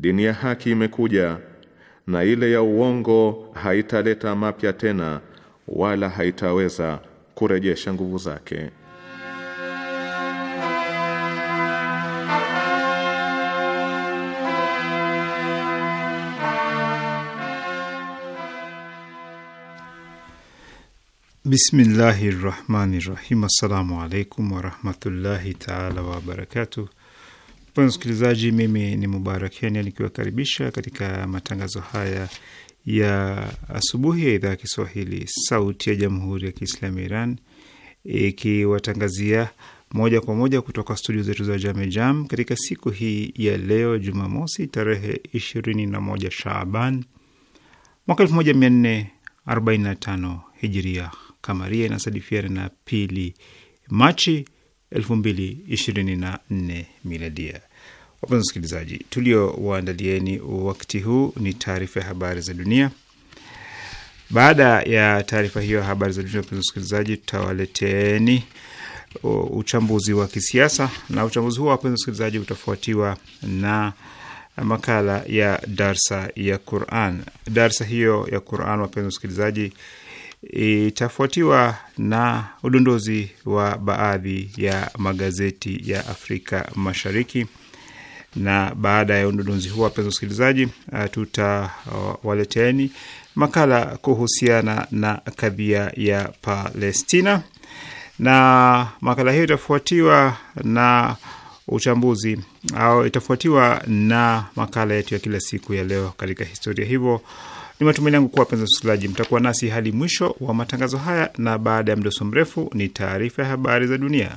Dini ya haki imekuja na ile ya uongo haitaleta mapya tena wala haitaweza kurejesha nguvu zake. Bismillahi rahmani rahim. Assalamu alaikum warahmatullahi taala wabarakatuh. Mpenzi msikilizaji, mimi ni Mubarak Kenya nikiwakaribisha katika matangazo haya ya asubuhi ya idhaa ya Kiswahili sauti ya jamhuri ya Kiislamu ya Iran ikiwatangazia moja kwa moja kutoka studio zetu za Jamejam katika siku hii ya leo Jumamosi tarehe 21 Shaaban mwaka 1445 Hijiria kamaria inasadifiana na pili Machi 2024 miladia. Wapenzi wasikilizaji, waandalieni wakati huu ni taarifa ya habari za dunia. Baada ya taarifa hiyo ya habari za dunia, wapenzi wasikilizaji, tutawaleteeni uchambuzi wa kisiasa, na uchambuzi huo, wapenzi wasikilizaji, utafuatiwa na makala ya darsa ya Quran. Darsa hiyo ya Quran, wapenzi wasikilizaji itafuatiwa na udondozi wa baadhi ya magazeti ya Afrika Mashariki, na baada ya udondozi huo, wapenzi wasikilizaji, uh, tutawaleteni makala kuhusiana na kadhia ya Palestina, na makala hiyo itafuatiwa na uchambuzi au itafuatiwa na makala yetu ya kila siku ya leo katika historia. Hivyo ni matumaini yangu kuwa wapenzi wasikilizaji, mtakuwa nasi hadi mwisho wa matangazo haya, na baada ya mdoso mrefu ni taarifa ya habari za dunia.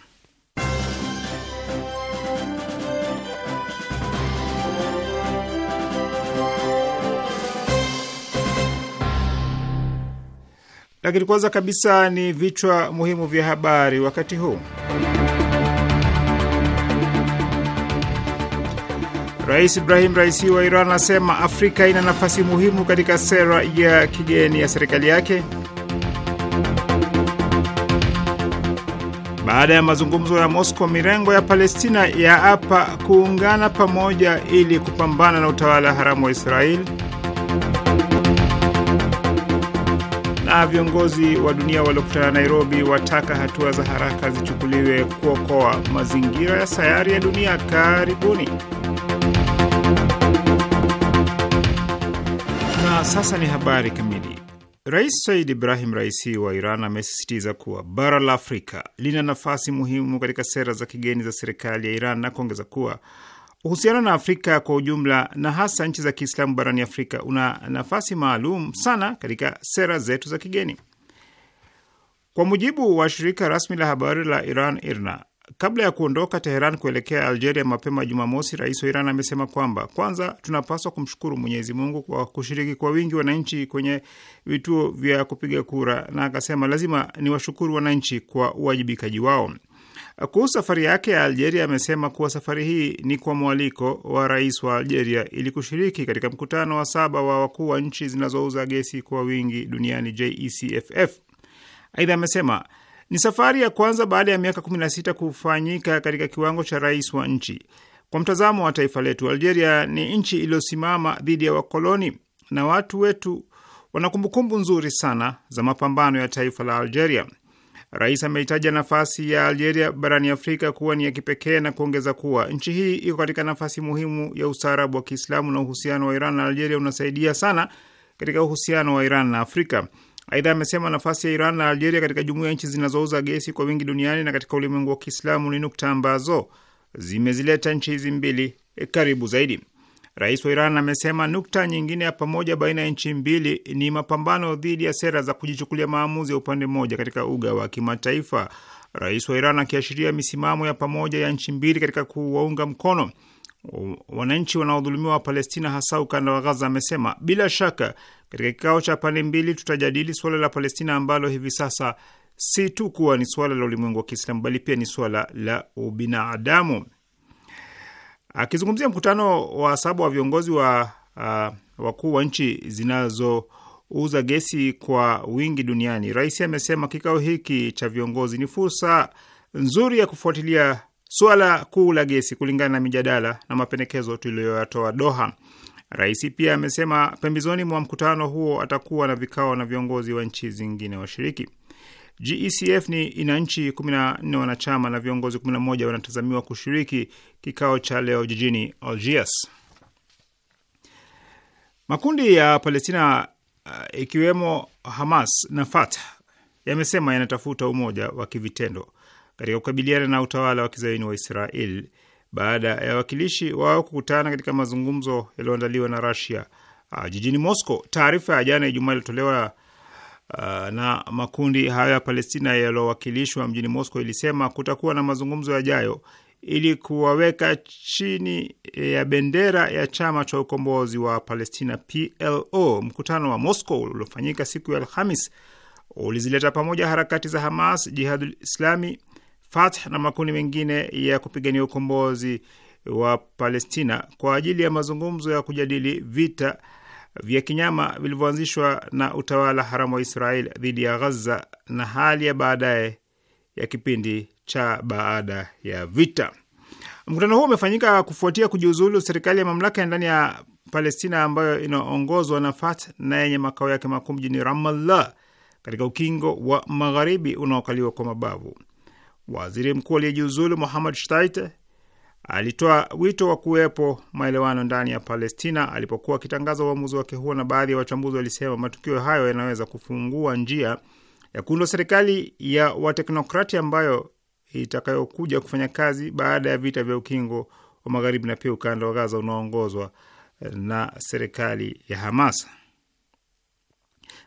Lakini kwanza kabisa ni vichwa muhimu vya habari wakati huu. Rais Ibrahim Raisi wa Iran anasema Afrika ina nafasi muhimu katika sera ya kigeni ya serikali yake. Baada ya mazungumzo ya Moscow, mirengo ya Palestina yaapa kuungana pamoja ili kupambana na utawala haramu wa Israeli. na viongozi wa dunia waliokutana Nairobi wataka hatua za haraka zichukuliwe kuokoa mazingira ya sayari ya dunia. Karibuni. Na sasa ni habari kamili. Rais Said Ibrahim Raisi wa Iran amesisitiza kuwa bara la Afrika lina nafasi muhimu katika sera za kigeni za serikali ya Iran na kuongeza kuwa Uhusiano na Afrika kwa ujumla na hasa nchi za Kiislamu barani Afrika una nafasi maalum sana katika sera zetu za kigeni. Kwa mujibu wa shirika rasmi la habari la Iran IRNA, kabla ya kuondoka Teheran kuelekea Algeria mapema Jumamosi, rais wa Iran amesema kwamba kwanza, tunapaswa kumshukuru Mwenyezi Mungu kwa kushiriki kwa wingi wananchi kwenye vituo vya kupiga kura, na akasema lazima niwashukuru wananchi kwa uwajibikaji wao. Kuhusu safari yake ya Algeria, amesema kuwa safari hii ni kwa mwaliko wa rais wa Algeria ili kushiriki katika mkutano wa saba wa wakuu wa nchi zinazouza gesi kwa wingi duniani JECFF. Aidha amesema ni safari ya kwanza baada ya miaka 16 kufanyika katika kiwango cha rais wa nchi. Kwa mtazamo wa taifa letu, Algeria ni nchi iliyosimama dhidi ya wakoloni na watu wetu wana kumbukumbu nzuri sana za mapambano ya taifa la Algeria. Rais ameitaja nafasi ya Algeria barani Afrika kuwa ni ya kipekee na kuongeza kuwa nchi hii iko katika nafasi muhimu ya ustaarabu wa Kiislamu na uhusiano wa Iran na Algeria unasaidia sana katika uhusiano wa Iran na Afrika. Aidha, amesema nafasi ya Iran na Algeria katika jumuiya ya nchi zinazouza gesi kwa wingi duniani na katika ulimwengu wa Kiislamu ni nukta ambazo zimezileta nchi hizi mbili karibu zaidi. Rais wa Iran amesema nukta nyingine ya pamoja baina ya nchi mbili ni mapambano dhidi ya sera za kujichukulia maamuzi ya upande mmoja katika uga wa kimataifa. Rais wa Iran akiashiria misimamo ya pamoja ya nchi mbili katika kuwaunga mkono wananchi wanaodhulumiwa wa Palestina, hasa ukanda wa Gaza, amesema bila shaka, katika kikao cha pande mbili tutajadili suala la Palestina ambalo hivi sasa si tu kuwa ni suala la ulimwengu wa Kiislamu bali pia ni suala la ubinadamu. Akizungumzia mkutano wa saba wa viongozi wa uh, wakuu wa nchi zinazouza gesi kwa wingi duniani, rais amesema kikao hiki cha viongozi ni fursa nzuri ya kufuatilia suala kuu la gesi kulingana na mijadala na mapendekezo tuliyoyatoa Doha. Rais pia amesema pembezoni mwa mkutano huo atakuwa na vikao na viongozi wa nchi zingine washiriki. GECF ni ina nchi 14 wanachama na viongozi 11 wanatazamiwa kushiriki kikao cha leo jijini Algiers. Makundi ya Palestina uh, ikiwemo Hamas na Fatah yamesema yanatafuta umoja wa kivitendo katika kukabiliana na utawala wa kizaini wa Israel baada ya wakilishi wao kukutana katika mazungumzo yaliyoandaliwa na Russia uh, jijini Moscow. Taarifa ya jana Ijumaa ilitolewa Uh, na makundi hayo ya Palestina yaliyowakilishwa mjini Moscow ilisema kutakuwa na mazungumzo yajayo ili kuwaweka chini ya bendera ya chama cha ukombozi wa Palestina PLO. Mkutano wa Moscow uliofanyika siku ya Alhamis ulizileta pamoja harakati za Hamas, Jihadul Islami, Fatah na makundi mengine ya kupigania ukombozi wa Palestina kwa ajili ya mazungumzo ya kujadili vita vya kinyama vilivyoanzishwa na utawala haramu wa Israel dhidi ya Ghaza na hali ya baadaye ya kipindi cha baada ya vita. Mkutano huo umefanyika kufuatia kujiuzulu serikali ya mamlaka ya ndani ya Palestina ambayo inaongozwa na Fat na yenye makao yake makuu mjini Ramallah katika ukingo wa magharibi unaokaliwa kwa mabavu. Waziri mkuu aliyejiuzulu Muhammad Shtait alitoa wito wa kuwepo maelewano ndani ya Palestina alipokuwa akitangaza uamuzi wake huo, na baadhi ya wachambuzi walisema matukio hayo yanaweza kufungua njia ya kuundwa serikali ya wateknokrati ambayo itakayokuja kufanya kazi baada ya vita vya ukingo wa Magharibi na pia ukanda wa Gaza unaoongozwa na serikali ya Hamas.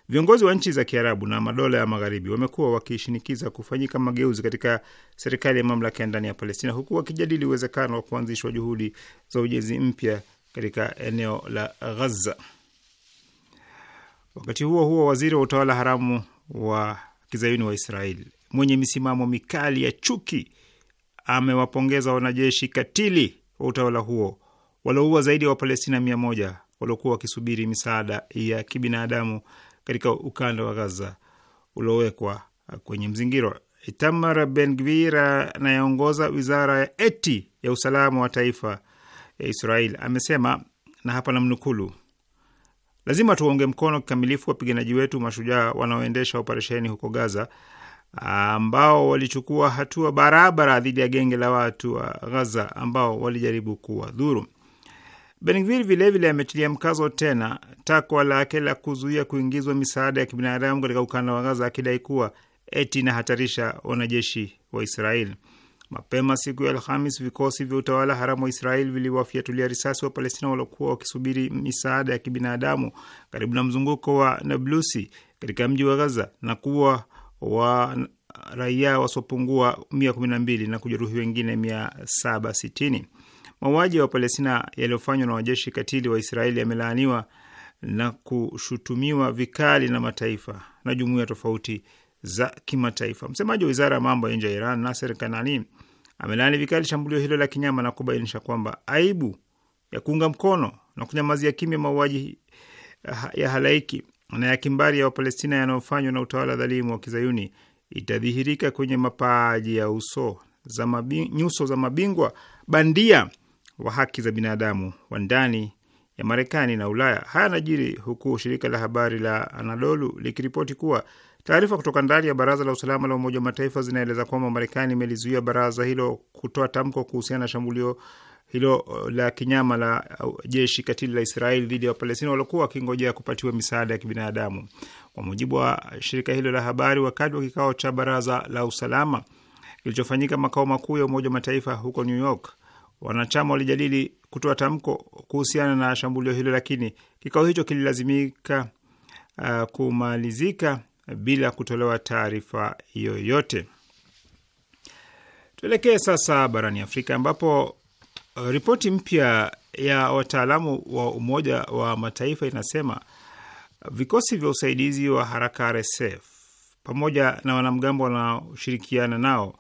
Viongozi wa nchi za Kiarabu na madola ya Magharibi wamekuwa wakishinikiza kufanyika mageuzi katika serikali ya mamlaka ya ndani ya Palestina, huku wakijadili uwezekano wa kuanzishwa juhudi za ujenzi mpya katika eneo la Ghaza. Wakati huo huo, waziri wa utawala haramu wa kizayuni wa Israel mwenye misimamo mikali ya chuki amewapongeza wanajeshi katili wa utawala huo walioua zaidi ya Wapalestina mia moja waliokuwa wakisubiri misaada ya kibinadamu katika ukanda wa Gaza uliowekwa kwenye mzingiro. Itamar Ben-Gvir anayeongoza wizara ya eti ya usalama wa taifa ya Israel amesema, na hapa namnukulu: lazima tuwaunge mkono kikamilifu wapiganaji wetu mashujaa wanaoendesha operesheni huko Gaza, ambao walichukua hatua barabara dhidi ya genge la watu wa Gaza ambao walijaribu kuwa dhuru Bengvir vilevile ametilia mkazo tena takwa lake la kuzuia kuingizwa misaada ya kibinadamu katika ukanda wa Gaza, akidai kuwa eti inahatarisha wanajeshi wa Israeli. Mapema siku ya Alhamis, vikosi vya utawala haramu wa Israeli viliwafiatulia risasi wa Palestina waliokuwa wakisubiri misaada ya kibinadamu karibu na mzunguko wa Nablusi katika mji wa Gaza na kuwa wa raia wasiopungua 12 na kujeruhi wengine 760 Mauaji ya Wapalestina yaliyofanywa na wajeshi katili wa Israeli yamelaaniwa na kushutumiwa vikali na mataifa na jumuiya tofauti za kimataifa. Msemaji wa wizara ya mambo ya nje ya Iran, Naser Kanani, amelaani vikali shambulio hilo la kinyama na kubainisha kwamba aibu ya kuunga mkono na kunyamazia kimya mauaji ya halaiki na ya kimbari ya Wapalestina yanayofanywa na utawala dhalimu wa kizayuni itadhihirika kwenye mapaaji ya uso za nyuso za mabingwa bandia wa haki za binadamu wa ndani ya Marekani na Ulaya. Haya yanajiri huku shirika la habari la Anadolu likiripoti kuwa taarifa kutoka ndani ya Baraza la Usalama la Umoja wa Mataifa zinaeleza kwamba Marekani imelizuia baraza hilo kutoa tamko kuhusiana na shambulio hilo uh, la kinyama la uh, jeshi katili la Israeli dhidi ya Wapalestina waliokuwa wakingojea kupatiwa misaada ya kibinadamu. Kwa mujibu wa shirika hilo la habari, wakati wa kikao cha Baraza la Usalama kilichofanyika makao makuu ya Umoja wa Mataifa huko New York, Wanachama walijadili kutoa tamko kuhusiana na shambulio hilo, lakini kikao hicho kililazimika uh, kumalizika bila kutolewa taarifa yoyote. Tuelekee sasa barani Afrika ambapo uh, ripoti mpya ya wataalamu wa Umoja wa Mataifa inasema vikosi vya usaidizi wa haraka RSF pamoja na wanamgambo wanaoshirikiana nao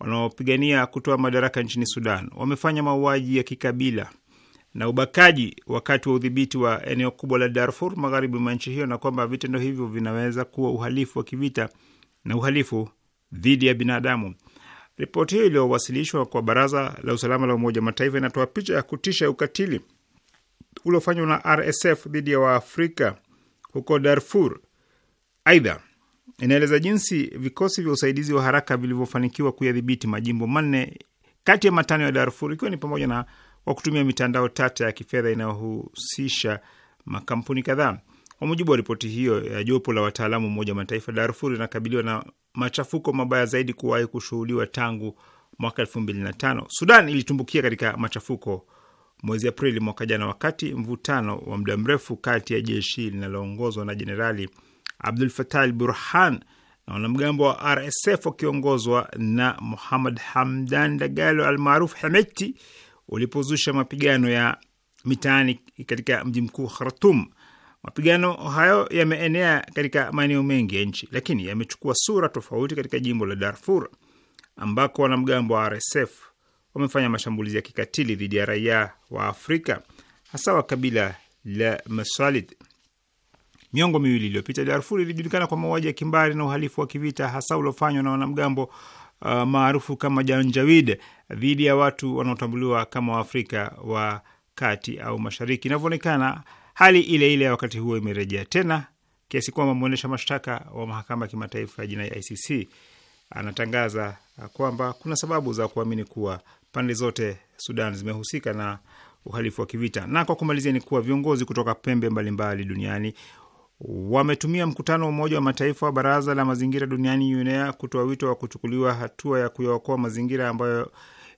wanaopigania kutoa madaraka nchini Sudan wamefanya mauaji ya kikabila na ubakaji wakati wa udhibiti wa eneo kubwa la Darfur magharibi mwa nchi hiyo, na kwamba vitendo hivyo vinaweza kuwa uhalifu wa kivita na uhalifu dhidi ya binadamu. Ripoti hiyo iliyowasilishwa kwa Baraza la Usalama la Umoja wa Mataifa inatoa picha ya kutisha ya ukatili uliofanywa na RSF dhidi ya Waafrika huko Darfur. Aidha, inaeleza jinsi vikosi vya usaidizi wa haraka vilivyofanikiwa kuyadhibiti majimbo manne kati ya matano ya Darfur, ikiwa ni pamoja na kwa kutumia mitandao tata ya kifedha inayohusisha makampuni kadhaa. Kwa mujibu wa ripoti hiyo ya jopo la wataalamu Umoja wa Mataifa, Darfur inakabiliwa na machafuko mabaya zaidi kuwahi kushuhudiwa tangu mwaka elfu mbili na tano. Sudan ilitumbukia katika machafuko mwezi Aprili mwaka jana, wakati mvutano wa muda mrefu kati ya jeshi linaloongozwa na jenerali Abdul Fatah al Burhan na wanamgambo wa RSF wakiongozwa na Muhammad Hamdan Dagalo almaruf Hemeti ulipozusha mapigano ya mitaani katika mji mkuu Khartum. Mapigano hayo yameenea katika maeneo mengi ya nchi, lakini yamechukua sura tofauti katika jimbo la Darfur ambako wanamgambo wa RSF wamefanya mashambulizi ya kikatili dhidi ya raia wa Afrika hasa wa kabila la maswalid Miongo miwili iliyopita, Darfur ilijulikana kwa mauaji ya kimbari na uhalifu wa kivita, hasa uliofanywa na wanamgambo uh, maarufu kama Janjawid dhidi ya watu wanaotambuliwa kama Waafrika wa kati au mashariki. Inavyoonekana, hali ile ile ya wakati huo imerejea tena kiasi kwamba mwendesha mashtaka wa mahakama ya kimataifa ya jinai ICC anatangaza kwamba kuna sababu za kuamini kuwa pande zote Sudan zimehusika na uhalifu wa kivita. Na kwa kumalizia, ni kuwa viongozi kutoka pembe mbalimbali mbali duniani wametumia mkutano wa Umoja wa Mataifa wa Baraza la Mazingira Duniani, UNEA, kutoa wito wa kuchukuliwa hatua ya kuyaokoa mazingira ambayo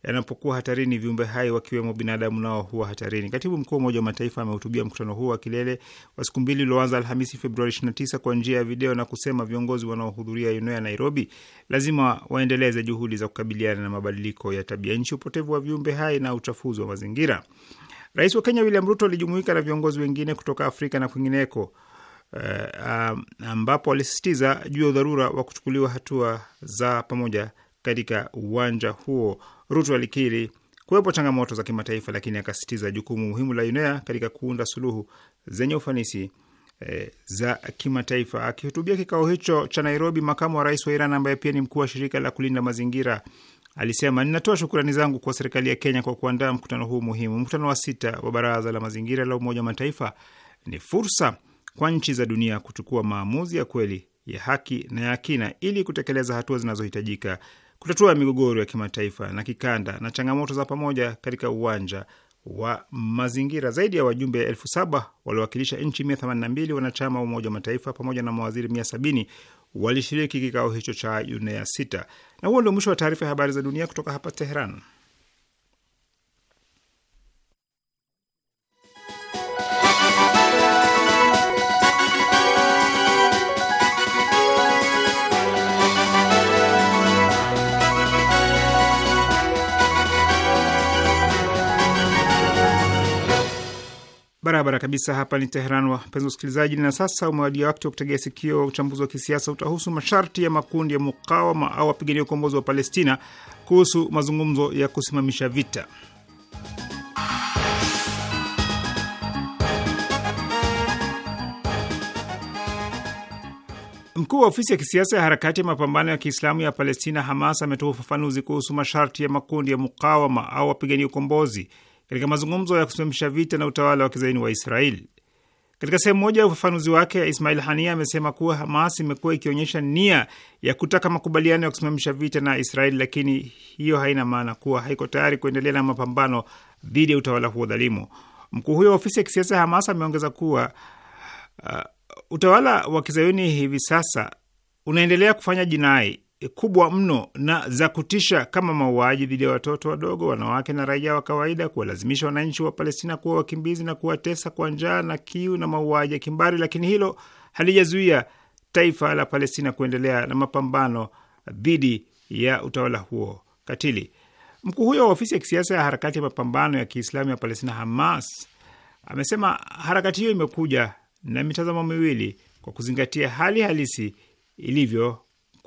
yanapokuwa hatarini viumbe hai wakiwemo binadamu nao huwa hatarini. Katibu mkuu wa Umoja wa Mataifa amehutubia mkutano huo wa kilele wa siku mbili ulioanza Alhamisi Februari 29 kwa njia ya video na kusema viongozi wanaohudhuria eneo ya Nairobi lazima waendeleze juhudi za kukabiliana na mabadiliko ya tabia nchi, upotevu wa viumbe hai na uchafuzi wa mazingira. Rais wa Kenya William Ruto alijumuika na viongozi wengine kutoka Afrika na kwingineko Eh, ambapo alisisitiza juu ya udharura wa kuchukuliwa hatua za pamoja katika uwanja huo. Ruto alikiri kuwepo changamoto za kimataifa, lakini akasisitiza jukumu muhimu la UNEA katika kuunda suluhu zenye ufanisi e, za kimataifa. Akihutubia kikao hicho cha Nairobi, makamu wa rais wa Iran ambaye pia ni mkuu wa shirika la kulinda mazingira alisema, ninatoa shukrani zangu kwa serikali ya Kenya kwa kuandaa mkutano huu muhimu. Mkutano wa sita wa baraza la mazingira la Umoja wa Mataifa ni fursa kwa nchi za dunia kuchukua maamuzi ya kweli ya haki na ya kina ili kutekeleza hatua zinazohitajika kutatua migogoro ya kimataifa na kikanda na changamoto za pamoja katika uwanja wa mazingira. Zaidi ya wajumbe elfu saba waliowakilisha nchi mia na mbili wanachama wa Umoja wa Mataifa pamoja na mawaziri mia sabini walishiriki kikao hicho cha UNEA sita. Na huo ndio mwisho wa taarifa ya habari za dunia kutoka hapa Teheran. Barabara kabisa, hapa ni Teheran, wapenzi wasikilizaji, na sasa umewadia wakati wa kutegea sikio. Uchambuzi wa kisiasa utahusu masharti ya makundi ya mukawama au wapigania ukombozi wa Palestina kuhusu mazungumzo ya kusimamisha vita. Mkuu wa ofisi ya kisiasa ya harakati ya mapambano ya Kiislamu ya Palestina, Hamas, ametoa ufafanuzi kuhusu masharti ya makundi ya mukawama au wapigania ukombozi katika mazungumzo ya kusimamisha vita na utawala wa kizaini wa Israel. Katika sehemu moja ya ufafanuzi wake, Ismail Hania amesema kuwa Hamas imekuwa ikionyesha nia ya kutaka makubaliano ya kusimamisha vita na Israel, lakini hiyo haina maana kuwa haiko tayari kuendelea na mapambano dhidi ya utawala huo dhalimu. Mkuu huyo wa ofisi ya kisiasa ya Hamas ameongeza kuwa uh, utawala wa kizayuni hivi sasa unaendelea kufanya jinai kubwa mno na za kutisha kama mauaji dhidi ya watoto wadogo, wanawake na raia wa kawaida, kuwalazimisha wananchi wa Palestina kuwa wakimbizi na kuwatesa kwa njaa na kiu na mauaji ya kimbari, lakini hilo halijazuia taifa la Palestina kuendelea na mapambano dhidi ya utawala huo katili. Mkuu huyo wa ofisi ya kisiasa ya harakati ya mapambano ya Kiislamu ya Palestina, Hamas, amesema harakati hiyo imekuja na mitazamo miwili kwa kuzingatia hali halisi ilivyo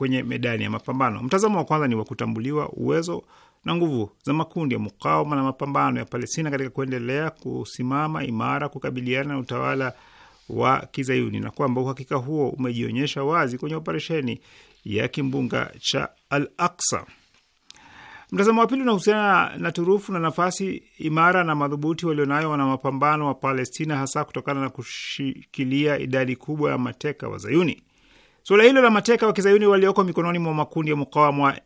kwenye medani ya mapambano. Mtazamo wa kwanza ni wa kutambuliwa uwezo na nguvu za makundi ya mukawama na mapambano ya Palestina katika kuendelea kusimama imara kukabiliana na utawala wa kizayuni na kwamba uhakika huo umejionyesha wazi kwenye operesheni ya kimbunga cha Al Aksa. Mtazamo wa pili unahusiana na turufu na nafasi imara na madhubuti walionayo wana mapambano wa Palestina, hasa kutokana na kushikilia idadi kubwa ya mateka wa Zayuni. Suala hilo la mateka wa kizayuni walioko mikononi mwa makundi ya mukawama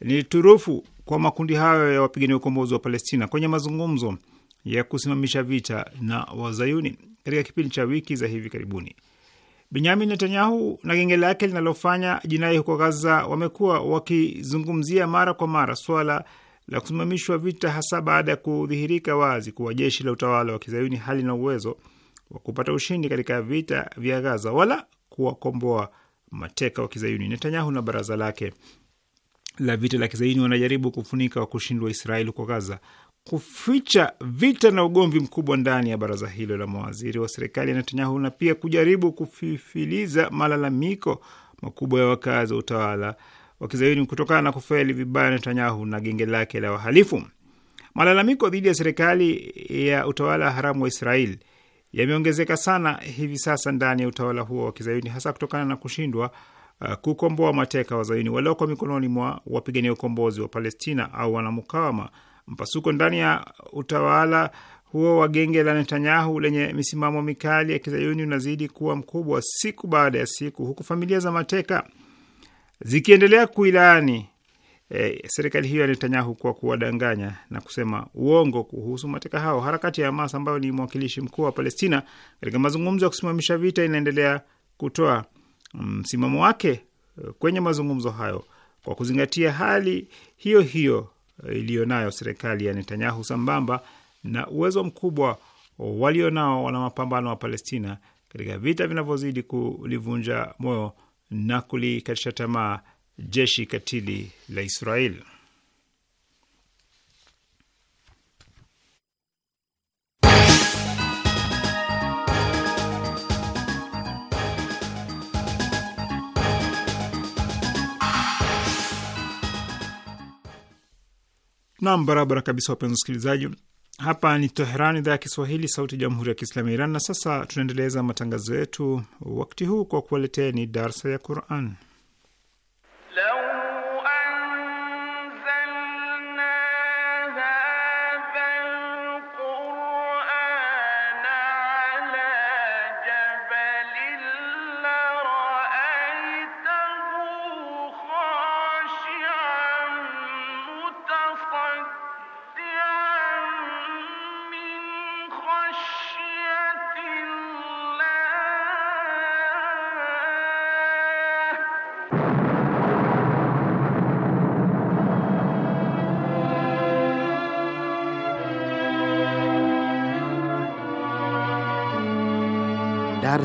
ni turufu kwa makundi hayo ya wapigania ukombozi wa Palestina kwenye mazungumzo ya kusimamisha vita na wazayuni. Katika kipindi cha wiki za hivi karibuni, Benyamin Netanyahu na genge lake linalofanya jinai huko Gaza wamekuwa wakizungumzia mara kwa mara swala la kusimamishwa vita, hasa baada ya kudhihirika wazi kuwa jeshi la utawala wa kizayuni hali na uwezo wa kupata ushindi katika vita vya Gaza, wala kuwakomboa mateka wa kizayuni. Netanyahu na baraza lake la vita la kizayuni wanajaribu kufunika kushindwa Israeli kwa Gaza, kuficha vita na ugomvi mkubwa ndani ya baraza hilo la mawaziri wa serikali ya Netanyahu na pia kujaribu kufifiliza malalamiko makubwa ya wakazi wa utawala wa kizayuni kutokana na kufeli vibaya Netanyahu na genge lake la wahalifu. Malalamiko dhidi ya serikali ya utawala haramu wa Israeli yameongezeka sana hivi sasa ndani ya utawala huo wa kizayuni hasa kutokana na kushindwa uh, kukomboa mateka wazayuni walioko mikononi mwa wapigania ukombozi wa Palestina au wanamukawama. Mpasuko ndani ya utawala huo wa genge la Netanyahu lenye misimamo mikali ya kizayuni unazidi kuwa mkubwa siku baada ya siku, huku familia za mateka zikiendelea kuilaani e, serikali hiyo ya Netanyahu kwa kuwadanganya na kusema uongo kuhusu mateka hao. Harakati ya Hamas ambayo ni mwakilishi mkuu wa Palestina katika mazungumzo ya kusimamisha vita inaendelea kutoa mm, msimamo mm, wake e, kwenye mazungumzo hayo kwa kuzingatia hali hiyo hiyo e, iliyonayo serikali ya Netanyahu sambamba na uwezo mkubwa walionao wana mapambano wa Palestina katika vita vinavyozidi kulivunja moyo na kulikatisha tamaa jeshi katili la Israel. Nam, barabara kabisa, wapenzi wasikilizaji. Hapa ni Teheran, idhaa ya Kiswahili, sauti ya jamhuri ya kiislamu ya Iran. Na sasa tunaendeleza matangazo yetu wakati huu kwa kuwaletea ni darsa ya Quran.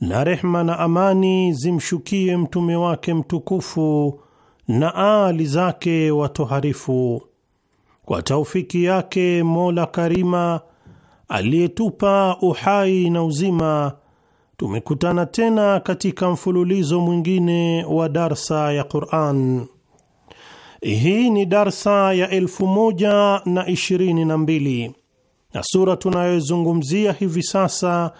na rehma na amani zimshukie mtume wake mtukufu na aali zake watoharifu. Kwa taufiki yake Mola Karima aliyetupa uhai na uzima, tumekutana tena katika mfululizo mwingine wa darsa ya Qur'an. Hii ni darsa ya elfu moja na ishirini na mbili na sura tunayozungumzia hivi sasa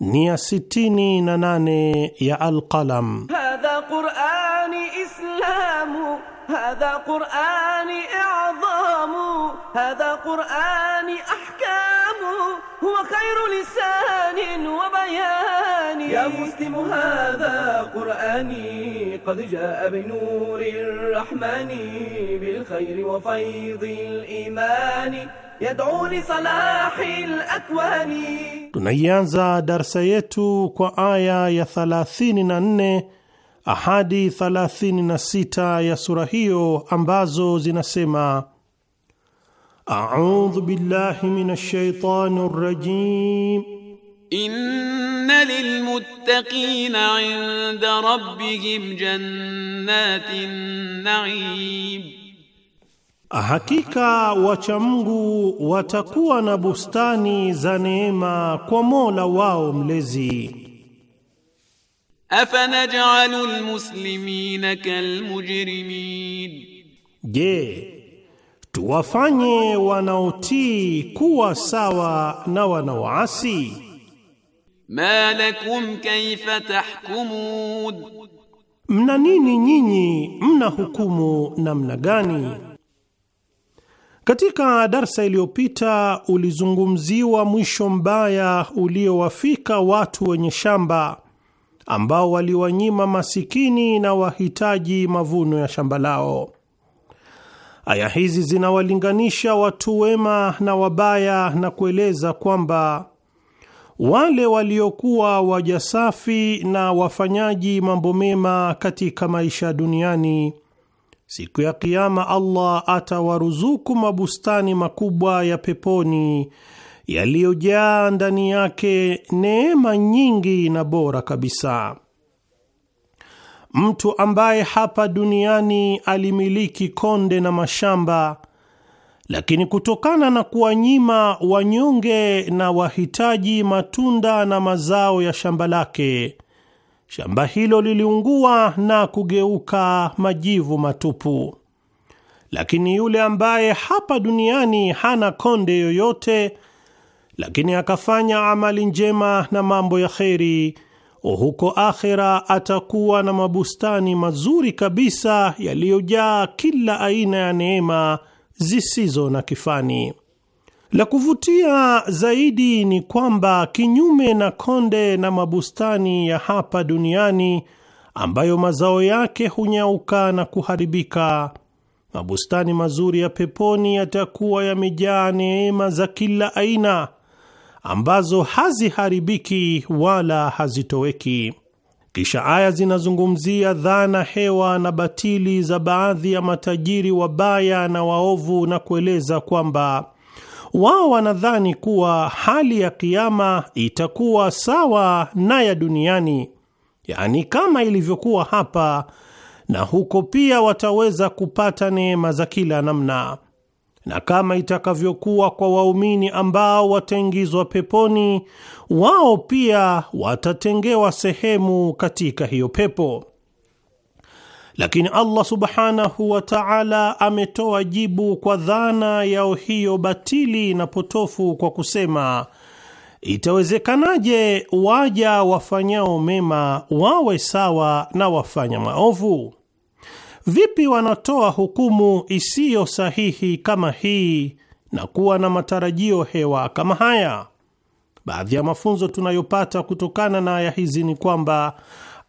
ni ya sitini na nane ya Alqalam. Hadha Qurani islamu hadha Qurani i'zamu hadha Qurani ahkamu huwa khairu lisanin wa bayani ya muslimu hadha Qurani qad jaa bi nuri rahmani bil khairi wa faydhi al imani Tunaianza darsa yetu kwa aya ya 34 ahadi 36 ya sura hiyo ambazo zinasema: audhu billahi minash shaitani rrajim inna lilmuttaqina inda rabbihim jannatin naim Hakika wachamgu watakuwa na bustani za neema kwa Mola wao mlezi. Afanajalu almuslimina kalmujrimin, je, tuwafanye wanaotii kuwa sawa na wanaoasi? Ma lakum kayfa tahkumun, mna nini nyinyi mna hukumu namna gani? Katika darsa iliyopita ulizungumziwa mwisho mbaya uliowafika watu wenye shamba ambao waliwanyima masikini na wahitaji mavuno ya shamba lao. Aya hizi zinawalinganisha watu wema na wabaya na kueleza kwamba wale waliokuwa wajasafi na wafanyaji mambo mema katika maisha duniani Siku ya Kiama Allah atawaruzuku mabustani makubwa ya peponi yaliyojaa ndani yake neema nyingi na bora kabisa. Mtu ambaye hapa duniani alimiliki konde na mashamba, lakini kutokana na kuwanyima wanyonge na wahitaji matunda na mazao ya shamba lake Shamba hilo liliungua na kugeuka majivu matupu. Lakini yule ambaye hapa duniani hana konde yoyote, lakini akafanya amali njema na mambo ya kheri, huko akhera atakuwa na mabustani mazuri kabisa yaliyojaa kila aina ya neema zisizo na kifani. La kuvutia zaidi ni kwamba kinyume na konde na mabustani ya hapa duniani ambayo mazao yake hunyauka na kuharibika, mabustani mazuri ya peponi yatakuwa yamejaa neema za kila aina ambazo haziharibiki wala hazitoweki. Kisha aya zinazungumzia dhana hewa na batili za baadhi ya matajiri wabaya na waovu na kueleza kwamba wao wanadhani kuwa hali ya kiama itakuwa sawa na ya duniani, yaani kama ilivyokuwa hapa, na huko pia wataweza kupata neema za kila namna, na kama itakavyokuwa kwa waumini ambao wataingizwa peponi, wao pia watatengewa sehemu katika hiyo pepo. Lakini Allah subhanahu wa ta'ala ametoa jibu kwa dhana yao hiyo batili na potofu kwa kusema, itawezekanaje waja wafanyao mema wawe sawa na wafanya maovu? Vipi wanatoa hukumu isiyo sahihi kama hii na kuwa na matarajio hewa kama haya? Baadhi ya mafunzo tunayopata kutokana na aya hizi ni kwamba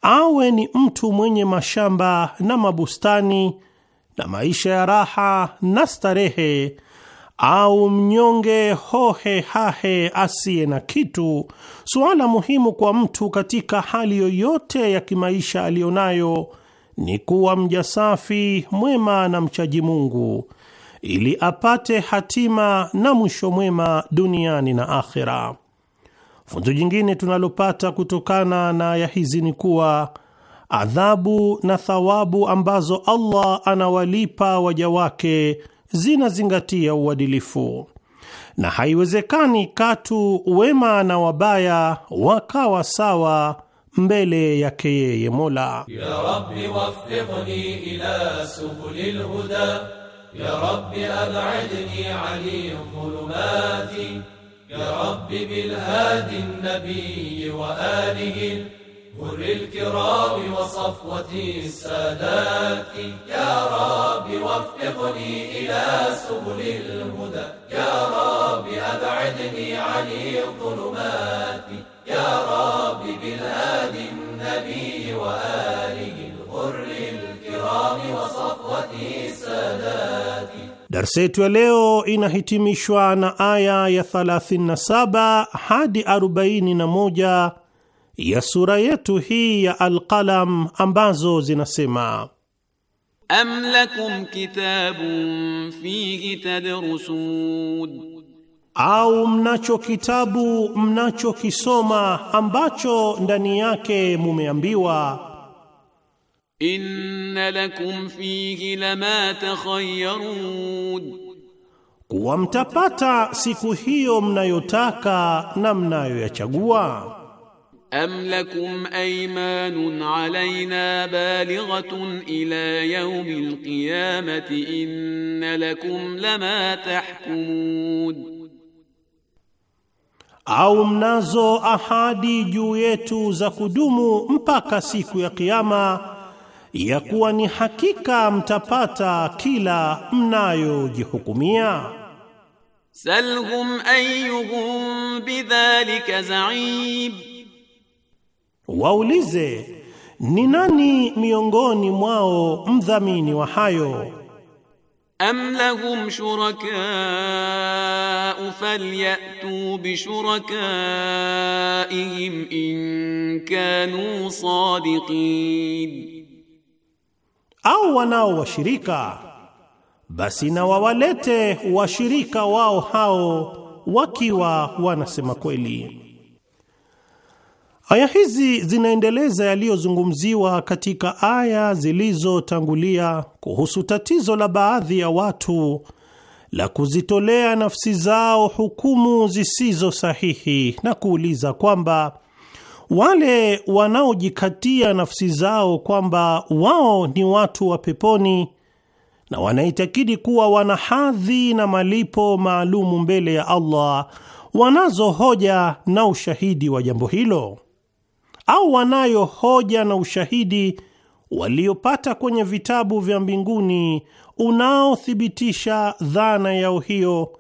awe ni mtu mwenye mashamba na mabustani na maisha ya raha na starehe, au mnyonge hohe hahe asiye na kitu. Suala muhimu kwa mtu katika hali yoyote ya kimaisha aliyonayo ni kuwa mja safi, mwema na mchaji Mungu, ili apate hatima na mwisho mwema duniani na akhera. Funzo jingine tunalopata kutokana na ya hizi ni kuwa adhabu na thawabu ambazo Allah anawalipa waja wake zinazingatia uadilifu, na haiwezekani katu wema na wabaya wakawa sawa mbele yake yeye Mola. Ya Rabbi waffiqni ila subulil huda ya Rabbi ab'idni ani dhulumati يا رب بالهادي النبي وآله هر الكرام وصفوة السادات يا رب وفقني إلى سبل الهدى يا رب أبعدني عن الظلمات يا رب بالهادي النبي وآله الغر الكرام وصفوة السادات Darsa yetu ya leo inahitimishwa na aya ya 37 hadi 41 ya sura yetu hii ya Alqalam, ambazo zinasema: am lakum kitabun fihi tadrusun, au mnacho kitabu mnachokisoma ambacho ndani yake mumeambiwa inna lakum fihi lama takhayyarun, kuwa mtapata siku hiyo mnayotaka na mnayoyachagua. Am lakum aymanun alayna balighatun ila yawmil qiyamati inna lakum lama tahkumun, au mnazo ahadi juu yetu za kudumu mpaka siku ya Kiyama ya kuwa ni hakika mtapata kila mnayojihukumia. Salhum ayyuhum bidhalika zaib, waulize ni nani miongoni mwao mdhamini wa hayo. Am lahum shurakaa falyatu bishurakaihim in kanu sadiqin au wanao washirika, basi na wawalete washirika wao hao wakiwa wanasema kweli. Aya hizi zinaendeleza yaliyozungumziwa katika aya zilizotangulia kuhusu tatizo la baadhi ya watu la kuzitolea nafsi zao hukumu zisizo sahihi na kuuliza kwamba wale wanaojikatia nafsi zao kwamba wao ni watu wa peponi na wanaitakidi kuwa wana hadhi na malipo maalumu mbele ya Allah, wanazo hoja na ushahidi wa jambo hilo, au wanayo hoja na ushahidi waliopata kwenye vitabu vya mbinguni unaothibitisha dhana yao hiyo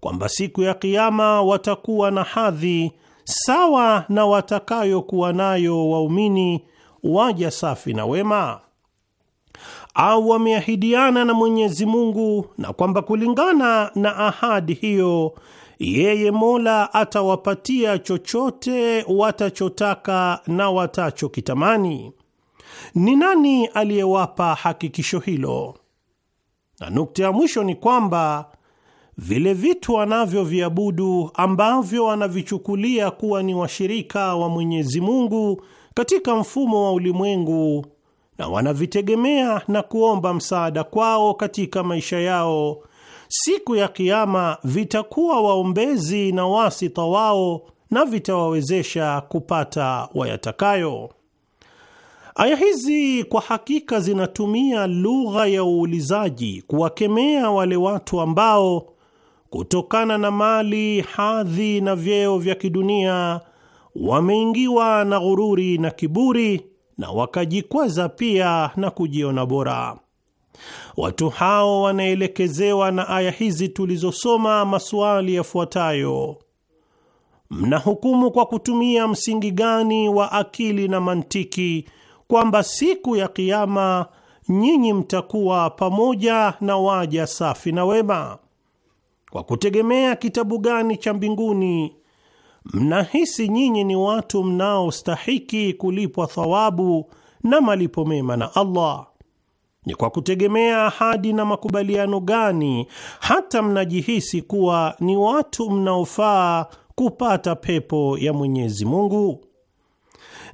kwamba siku ya Kiama watakuwa na hadhi sawa na watakayokuwa nayo waumini waja safi na wema? Au wameahidiana na Mwenyezi Mungu na kwamba kulingana na ahadi hiyo yeye Mola atawapatia chochote watachotaka na watachokitamani? Ni nani aliyewapa hakikisho hilo? Na nukta ya mwisho ni kwamba vile vitu wanavyoviabudu ambavyo wanavichukulia kuwa ni washirika wa Mwenyezi Mungu katika mfumo wa ulimwengu na wanavitegemea na kuomba msaada kwao katika maisha yao, siku ya Kiama vitakuwa waombezi na wasita wao na vitawawezesha kupata wayatakayo. Aya hizi kwa hakika zinatumia lugha ya uulizaji kuwakemea wale watu ambao kutokana na mali, hadhi na vyeo vya kidunia, wameingiwa na ghururi na kiburi na wakajikwaza pia na kujiona bora. Watu hao wanaelekezewa na aya hizi tulizosoma masuali yafuatayo: mnahukumu kwa kutumia msingi gani wa akili na mantiki kwamba siku ya Kiama nyinyi mtakuwa pamoja na waja safi na wema? Kwa kutegemea kitabu gani cha mbinguni mnahisi nyinyi ni watu mnaostahiki kulipwa thawabu na malipo mema na Allah? Ni kwa kutegemea ahadi na makubaliano gani hata mnajihisi kuwa ni watu mnaofaa kupata pepo ya Mwenyezi Mungu?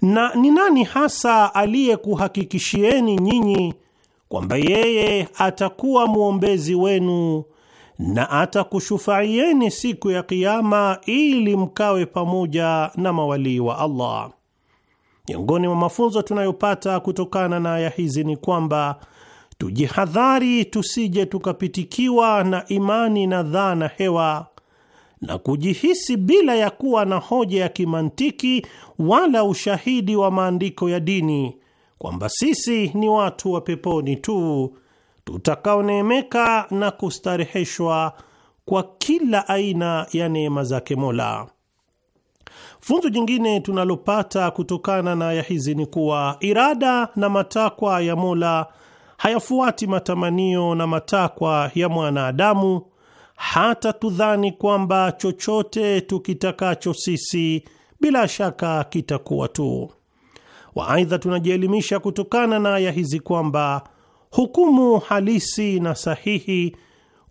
Na ni nani hasa aliyekuhakikishieni nyinyi kwamba yeye atakuwa mwombezi wenu na atakushufaieni siku ya Kiama ili mkawe pamoja na mawalii wa Allah. Miongoni mwa mafunzo tunayopata kutokana na aya hizi ni kwamba tujihadhari, tusije tukapitikiwa na imani na dhana hewa na kujihisi bila ya kuwa na hoja ya kimantiki wala ushahidi wa maandiko ya dini kwamba sisi ni watu wa peponi tu tutakaoneemeka na kustareheshwa kwa kila aina ya neema zake Mola. Funzo jingine tunalopata kutokana na aya hizi ni kuwa irada na matakwa ya Mola hayafuati matamanio na matakwa ya mwanadamu, hata tudhani kwamba chochote tukitakacho sisi bila shaka kitakuwa tu. Waaidha, tunajielimisha kutokana na aya hizi kwamba hukumu halisi na sahihi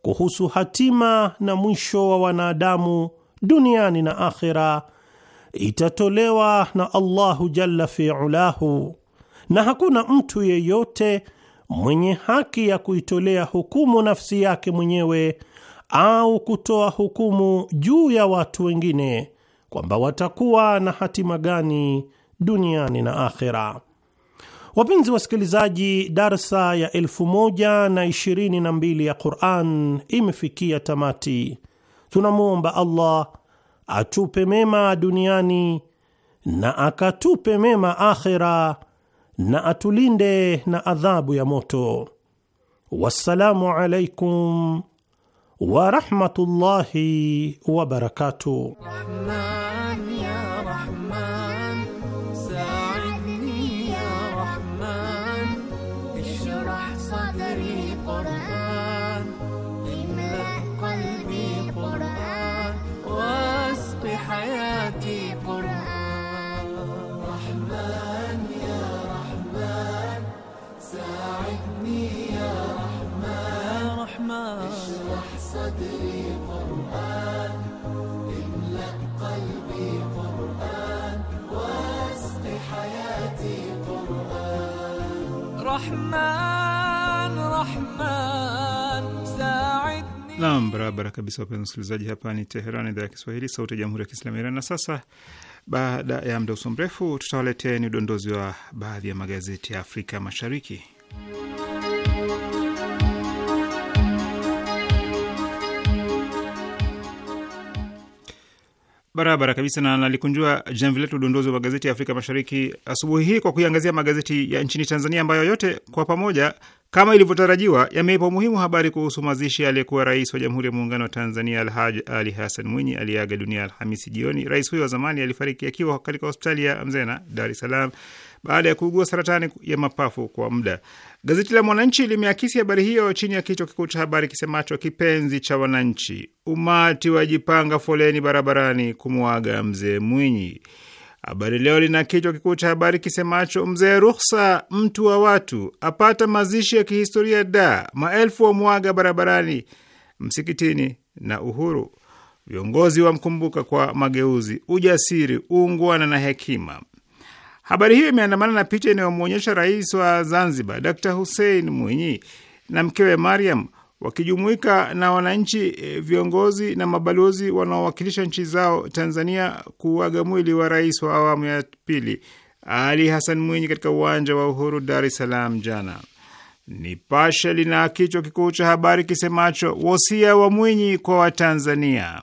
kuhusu hatima na mwisho wa wanadamu duniani na akhira itatolewa na Allahu jalla fiulahu, na hakuna mtu yeyote mwenye haki ya kuitolea hukumu nafsi yake mwenyewe au kutoa hukumu juu ya watu wengine kwamba watakuwa na hatima gani duniani na akhira. Wapenzi wasikilizaji, darsa ya elfu moja na ishirini na mbili ya Quran imefikia tamati. Tunamwomba Allah atupe mema duniani na akatupe mema akhera na atulinde na adhabu ya moto. Wassalamu alaikum warahmatullahi wabarakatuh. Nam, barabara kabisa, wapenzi msikilizaji, hapa ni Teheran, idhaa ya Kiswahili, sauti ya jamhuri ya kiislamu ya Iran. Na sasa baada ya muda usio mrefu, tutawaletea ni udondozi wa baadhi ya magazeti ya Afrika Mashariki. Barabara kabisa, na nalikunjua jamvi letu udondozi wa magazeti ya Afrika Mashariki asubuhi hii kwa kuiangazia magazeti ya nchini Tanzania ambayo yote kwa pamoja, kama ilivyotarajiwa, yameipa umuhimu habari kuhusu mazishi aliyekuwa rais wa Jamhuri ya Muungano wa Tanzania Alhaj Ali Hassan Mwinyi aliyeaga dunia Alhamisi jioni. Rais huyo wa zamani alifariki akiwa katika hospitali ya Mzena, Dar es Salaam, baada ya kuugua saratani ya mapafu kwa muda. Gazeti la Mwananchi limeakisi habari hiyo chini ya kichwa kikuu cha habari kisemacho kipenzi cha wananchi, umati wajipanga foleni barabarani kumwaga mzee Mwinyi. Habari Leo lina kichwa kikuu cha habari kisemacho mzee ruhusa, mtu wa watu apata mazishi ya kihistoria da, maelfu wamwaga barabarani, msikitini na Uhuru. Viongozi wamkumbuka kwa mageuzi, ujasiri, uungwana na hekima. Habari hiyo imeandamana na picha inayomwonyesha rais wa Zanzibar Dr Hussein Mwinyi na mkewe Mariam wakijumuika na wananchi, e, viongozi na mabalozi wanaowakilisha nchi zao Tanzania kuaga mwili wa rais wa awamu ya pili Ali Hassan Mwinyi katika uwanja wa Uhuru, Dar es Salaam jana. Nipashe lina kichwa kikuu cha habari kisemacho wosia wa Mwinyi kwa Watanzania.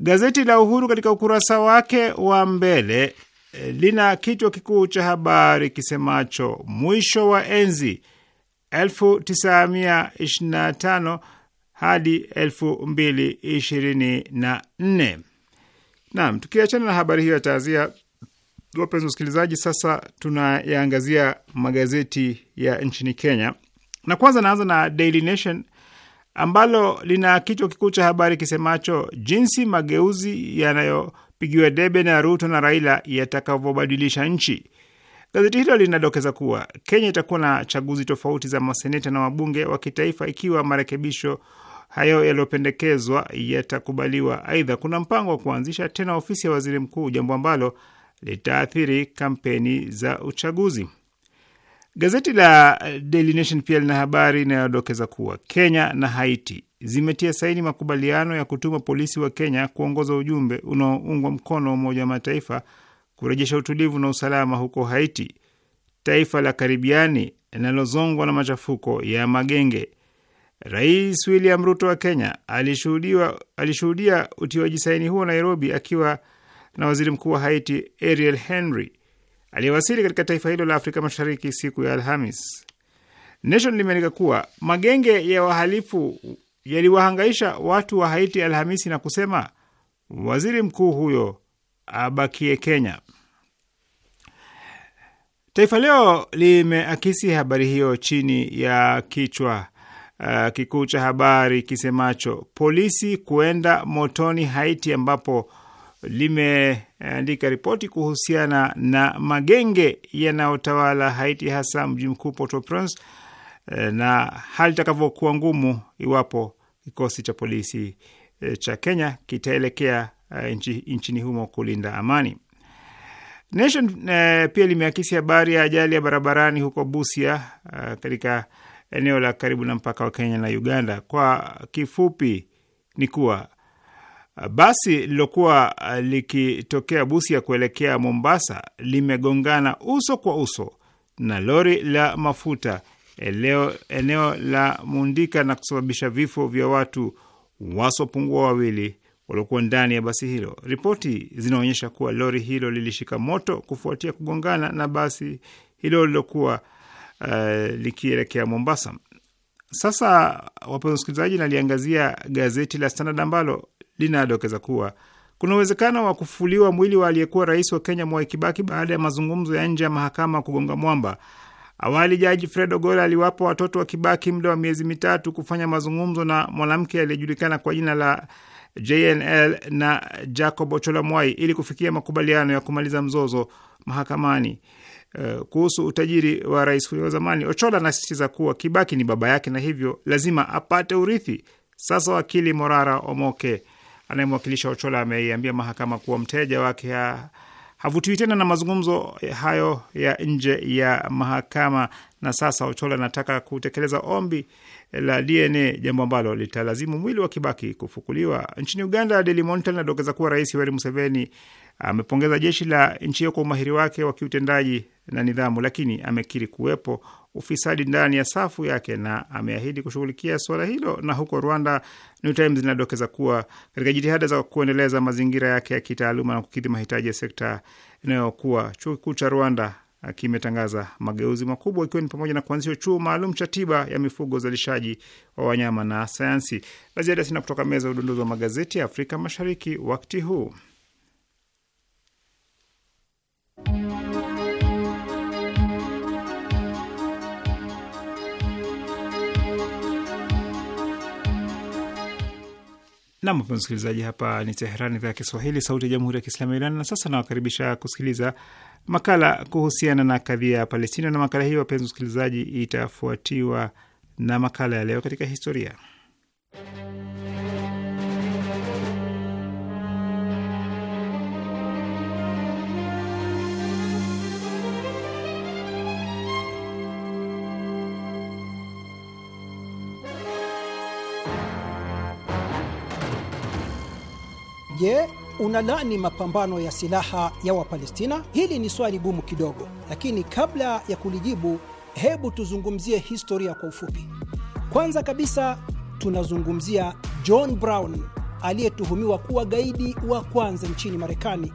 Gazeti la Uhuru katika ukurasa wake wa mbele Eh, lina kichwa kikuu cha habari kisemacho mwisho wa enzi 1925 hadi 2024. Naam, tukiachana na habari hiyo ya taazia, wapenzi wasikilizaji, sasa tunayaangazia magazeti ya nchini Kenya, na kwanza naanza na Daily Nation ambalo lina kichwa kikuu cha habari kisemacho jinsi mageuzi yanayo kupigiwa debe na Ruto na Raila yatakavyobadilisha nchi. Gazeti hilo linadokeza kuwa Kenya itakuwa na chaguzi tofauti za maseneta na wabunge wa kitaifa ikiwa marekebisho hayo yaliyopendekezwa yatakubaliwa. Aidha, kuna mpango wa kuanzisha tena ofisi ya waziri mkuu, jambo ambalo litaathiri kampeni za uchaguzi. Gazeti la Daily Nation pia lina habari inayodokeza kuwa Kenya na Haiti zimetia saini makubaliano ya kutuma polisi wa Kenya kuongoza ujumbe unaoungwa mkono wa Umoja wa Mataifa kurejesha utulivu na usalama huko Haiti, taifa la Karibiani linalozongwa na machafuko ya magenge. Rais William Ruto wa Kenya alishuhudia utiwaji saini huo Nairobi akiwa na waziri mkuu wa Haiti Ariel Henry aliyewasili katika taifa hilo la Afrika Mashariki siku ya Alhamis. Nation limeandika kuwa magenge ya wahalifu yaliwahangaisha watu wa Haiti Alhamisi na kusema waziri mkuu huyo abakie Kenya. Taifa Leo limeakisi habari hiyo chini ya kichwa uh, kikuu cha habari kisemacho polisi kuenda motoni Haiti, ambapo limeandika ripoti kuhusiana na magenge yanayotawala Haiti, hasa mji mkuu Port-au-Prince, uh, na hali itakavyokuwa ngumu iwapo kikosi cha polisi eh, cha Kenya kitaelekea eh, nchi, nchini humo kulinda amani. Nation eh, pia limeakisi habari ya ajali ya barabarani huko Busia e, katika eneo la karibu na mpaka wa Kenya na Uganda. Kwa kifupi ni kuwa basi lilokuwa likitokea Busia kuelekea Mombasa limegongana uso kwa uso na lori la mafuta eleo, eneo la Mundika na kusababisha vifo vya watu wasopungua wawili waliokuwa ndani ya basi hilo. Ripoti zinaonyesha kuwa lori hilo lilishika moto kufuatia kugongana na basi hilo lilokuwa uh, likielekea Mombasa. Sasa wapenzi wasikilizaji, naliangazia gazeti la Standard ambalo linadokeza kuwa kuna uwezekano wa kufuliwa mwili wa aliyekuwa rais wa Kenya Mwai Kibaki baada ya mazungumzo ya nje ya mahakama kugonga mwamba. Awali Jaji Fred Ogola aliwapa watoto wa Kibaki muda wa miezi mitatu kufanya mazungumzo na mwanamke aliyejulikana kwa jina la JNL na Jacob Ochola Mwai ili kufikia makubaliano ya kumaliza mzozo mahakamani. Uh, kuhusu utajiri wa rais huyo wa zamani, Ochola anasisitiza kuwa Kibaki ni baba yake na hivyo lazima apate urithi. Sasa wakili Morara Omoke anayemwakilisha Ochola ameiambia mahakama kuwa mteja wake havutiwi tena na mazungumzo eh, hayo ya nje ya mahakama, na sasa Ochola anataka kutekeleza ombi eh, la DNA, jambo ambalo litalazimu mwili wa Kibaki kufukuliwa. Nchini Uganda, Daily Monitor linadokeza kuwa rais Yoweri Museveni Amepongeza jeshi la nchi hiyo kwa umahiri wake wa kiutendaji na nidhamu, lakini amekiri kuwepo ufisadi ndani ya safu yake na ameahidi kushughulikia suala hilo. Na huko Rwanda, New Times kuwa katika jitihada za kuendeleza mazingira yake ya kitaaluma na kukidhi mahitaji ya sekta inayokuwa, chuo kikuu cha Rwanda kimetangaza mageuzi makubwa, ikiwa ni pamoja na kuanzishwa chuo maalum cha tiba ya mifugo, uzalishaji wa wanyama na sayansi. La ziada sina kutoka meza ya udondozi wa magazeti ya Afrika Mashariki wakati huu. Nam msikilizaji, hapa ni Teheran, idhaa ya Kiswahili, sauti ya jamhuri ya kiislamu ya Iran. Na sasa nawakaribisha kusikiliza makala kuhusiana na kadhia ya Palestina, na makala hiyo wapenzi msikilizaji, itafuatiwa na makala ya leo katika historia. Je, unalani mapambano ya silaha ya Wapalestina? Hili ni swali gumu kidogo, lakini kabla ya kulijibu, hebu tuzungumzie historia kwa ufupi. Kwanza kabisa, tunazungumzia John Brown aliyetuhumiwa kuwa gaidi wa kwanza nchini Marekani,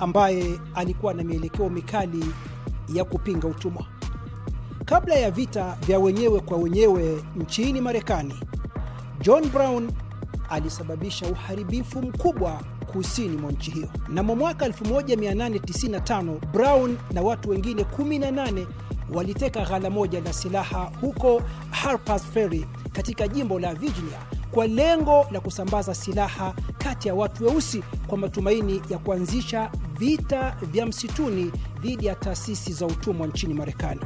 ambaye alikuwa na mielekeo mikali ya kupinga utumwa. Kabla ya vita vya wenyewe kwa wenyewe nchini Marekani, John Brown alisababisha uharibifu mkubwa kusini mwa nchi hiyo. Mnamo mwaka 1895 Brown na watu wengine 18 waliteka ghala moja la silaha huko Harpers Ferry katika jimbo la Virginia kwa lengo la kusambaza silaha kati ya watu weusi kwa matumaini ya kuanzisha vita vya msituni dhidi ya taasisi za utumwa nchini Marekani.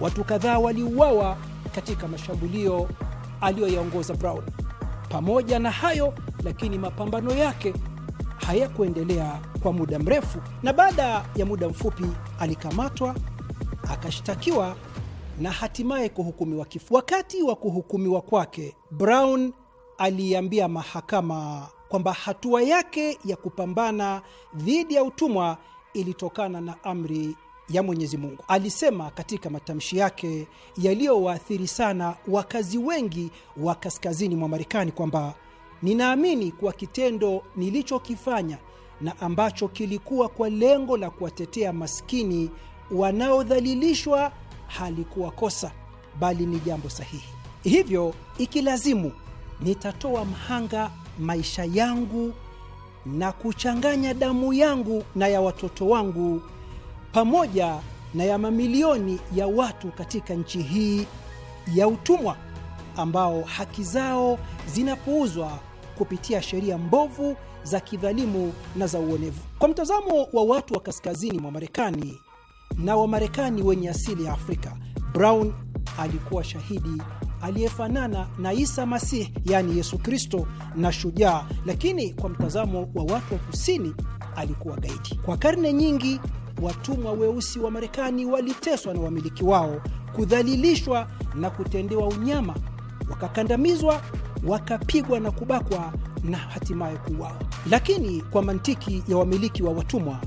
Watu kadhaa waliuawa katika mashambulio aliyoyaongoza Brown. Pamoja na hayo lakini, mapambano yake hayakuendelea kwa muda mrefu, na baada ya muda mfupi alikamatwa, akashtakiwa na hatimaye kuhukumiwa kifo. Wakati wa kuhukumiwa kwake, Brown aliambia mahakama kwamba hatua yake ya kupambana dhidi ya utumwa ilitokana na amri ya Mwenyezi Mungu. Alisema katika matamshi yake yaliyowaathiri sana wakazi wengi wa kaskazini mwa Marekani kwamba ninaamini kuwa kitendo nilichokifanya na ambacho kilikuwa kwa lengo la kuwatetea maskini wanaodhalilishwa halikuwa kosa, bali ni jambo sahihi. Hivyo ikilazimu, nitatoa mhanga maisha yangu na kuchanganya damu yangu na ya watoto wangu pamoja na ya mamilioni ya watu katika nchi hii ya utumwa ambao haki zao zinapuuzwa kupitia sheria mbovu za kidhalimu na za uonevu. Kwa mtazamo wa watu wa kaskazini mwa Marekani na Wamarekani wenye asili ya Afrika, Brown alikuwa shahidi aliyefanana na Isa Masihi, yaani Yesu Kristo, na shujaa, lakini kwa mtazamo wa watu wa kusini alikuwa gaidi. Kwa karne nyingi watumwa weusi wa Marekani waliteswa na wamiliki wao, kudhalilishwa na kutendewa unyama, wakakandamizwa, wakapigwa na kubakwa na hatimaye kuuawa. Lakini kwa mantiki ya wamiliki wa watumwa,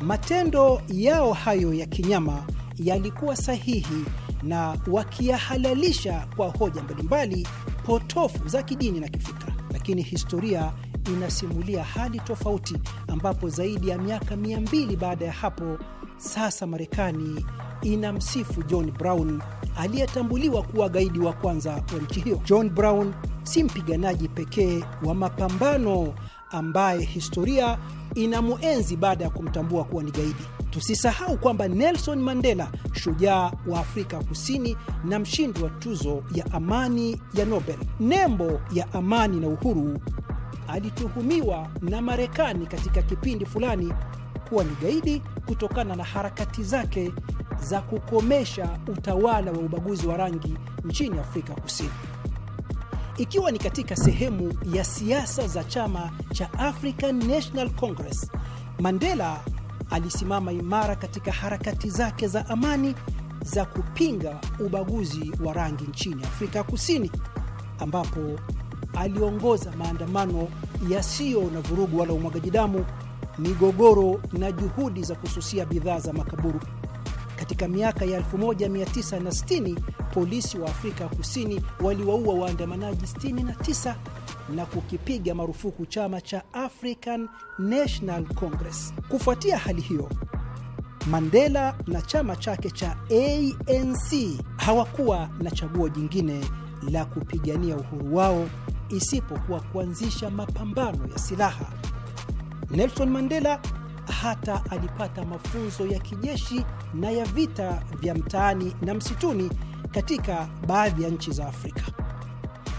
matendo yao hayo ya kinyama yalikuwa sahihi na wakiyahalalisha kwa hoja mbalimbali potofu za kidini na kifikra lakini historia inasimulia hali tofauti, ambapo zaidi ya miaka mia mbili baada ya hapo sasa Marekani inamsifu John Brown aliyetambuliwa kuwa gaidi wa kwanza wa nchi hiyo. John Brown si mpiganaji pekee wa mapambano ambaye historia inamuenzi baada ya kumtambua kuwa ni gaidi Tusisahau kwamba Nelson Mandela, shujaa wa Afrika Kusini na mshindi wa tuzo ya amani ya Nobel, nembo ya amani na uhuru, alituhumiwa na Marekani katika kipindi fulani kuwa ni gaidi kutokana na harakati zake za kukomesha utawala wa ubaguzi wa rangi nchini Afrika Kusini. Ikiwa ni katika sehemu ya siasa za chama cha African National Congress, Mandela alisimama imara katika harakati zake za amani za kupinga ubaguzi wa rangi nchini Afrika ya Kusini, ambapo aliongoza maandamano yasiyo na vurugu wala umwagaji damu, migogoro na juhudi za kususia bidhaa za makaburu. Katika miaka ya 1960 polisi wa Afrika Kusini waliwaua waandamanaji 69 na kukipiga marufuku chama cha African National Congress. Kufuatia hali hiyo, Mandela na chama chake cha ANC hawakuwa na chaguo jingine la kupigania uhuru wao isipokuwa kuanzisha mapambano ya silaha. Nelson Mandela hata alipata mafunzo ya kijeshi na ya vita vya mtaani na msituni katika baadhi ya nchi za Afrika,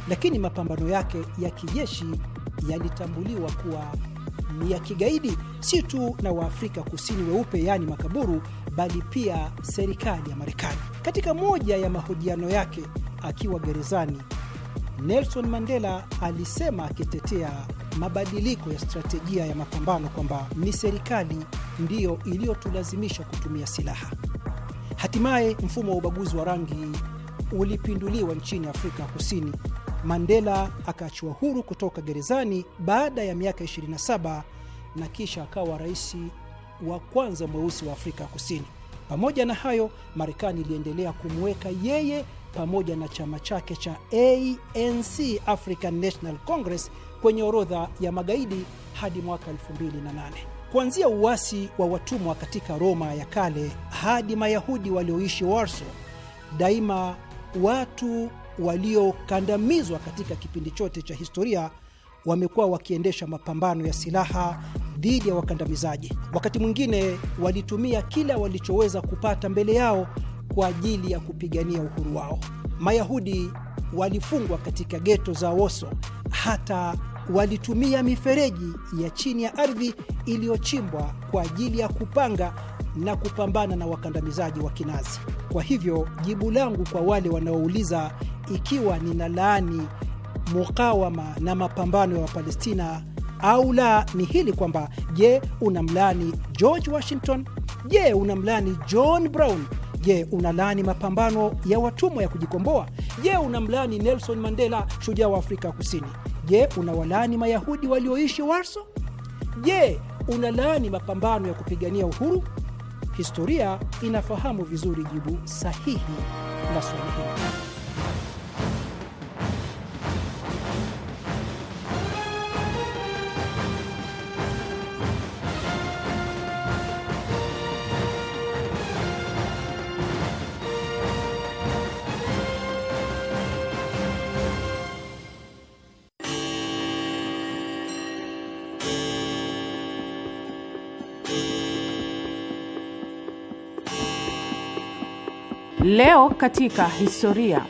lakini mapambano yake ya kijeshi yalitambuliwa kuwa ni ya kigaidi, si tu na Waafrika Kusini weupe, yaani makaburu, bali pia serikali ya Marekani. Katika moja ya mahojiano yake akiwa gerezani, Nelson Mandela alisema akitetea mabadiliko ya stratejia ya mapambano kwamba ni serikali ndiyo iliyotulazimisha kutumia silaha. Hatimaye mfumo wa ubaguzi wa rangi ulipinduliwa nchini Afrika Kusini. Mandela akaachiwa huru kutoka gerezani baada ya miaka 27 na kisha akawa rais wa kwanza mweusi wa Afrika Kusini. Pamoja na hayo, Marekani iliendelea kumweka yeye pamoja na chama chake cha ANC, African National Congress, kwenye orodha ya magaidi hadi mwaka 2008. Kuanzia uasi wa watumwa katika Roma ya kale hadi Mayahudi walioishi Warsaw, daima watu waliokandamizwa katika kipindi chote cha historia wamekuwa wakiendesha mapambano ya silaha dhidi ya wakandamizaji. Wakati mwingine walitumia kila walichoweza kupata mbele yao kwa ajili ya kupigania uhuru wao. Mayahudi walifungwa katika geto za Warsaw hata walitumia mifereji ya chini ya ardhi iliyochimbwa kwa ajili ya kupanga na kupambana na wakandamizaji wa Kinazi. Kwa hivyo jibu langu kwa wale wanaouliza ikiwa nina laani mukawama na mapambano ya Wapalestina au la ni hili kwamba, je, unamlaani George Washington? Je, unamlaani John Brown? Je, unalaani mapambano ya watumwa ya kujikomboa? Je, unamlaani Nelson Mandela, shujaa wa Afrika Kusini? Je, unawalaani Mayahudi walioishi Warso? Je, unalaani mapambano ya kupigania uhuru? Historia inafahamu vizuri jibu sahihi la swali hili. Leo katika historia.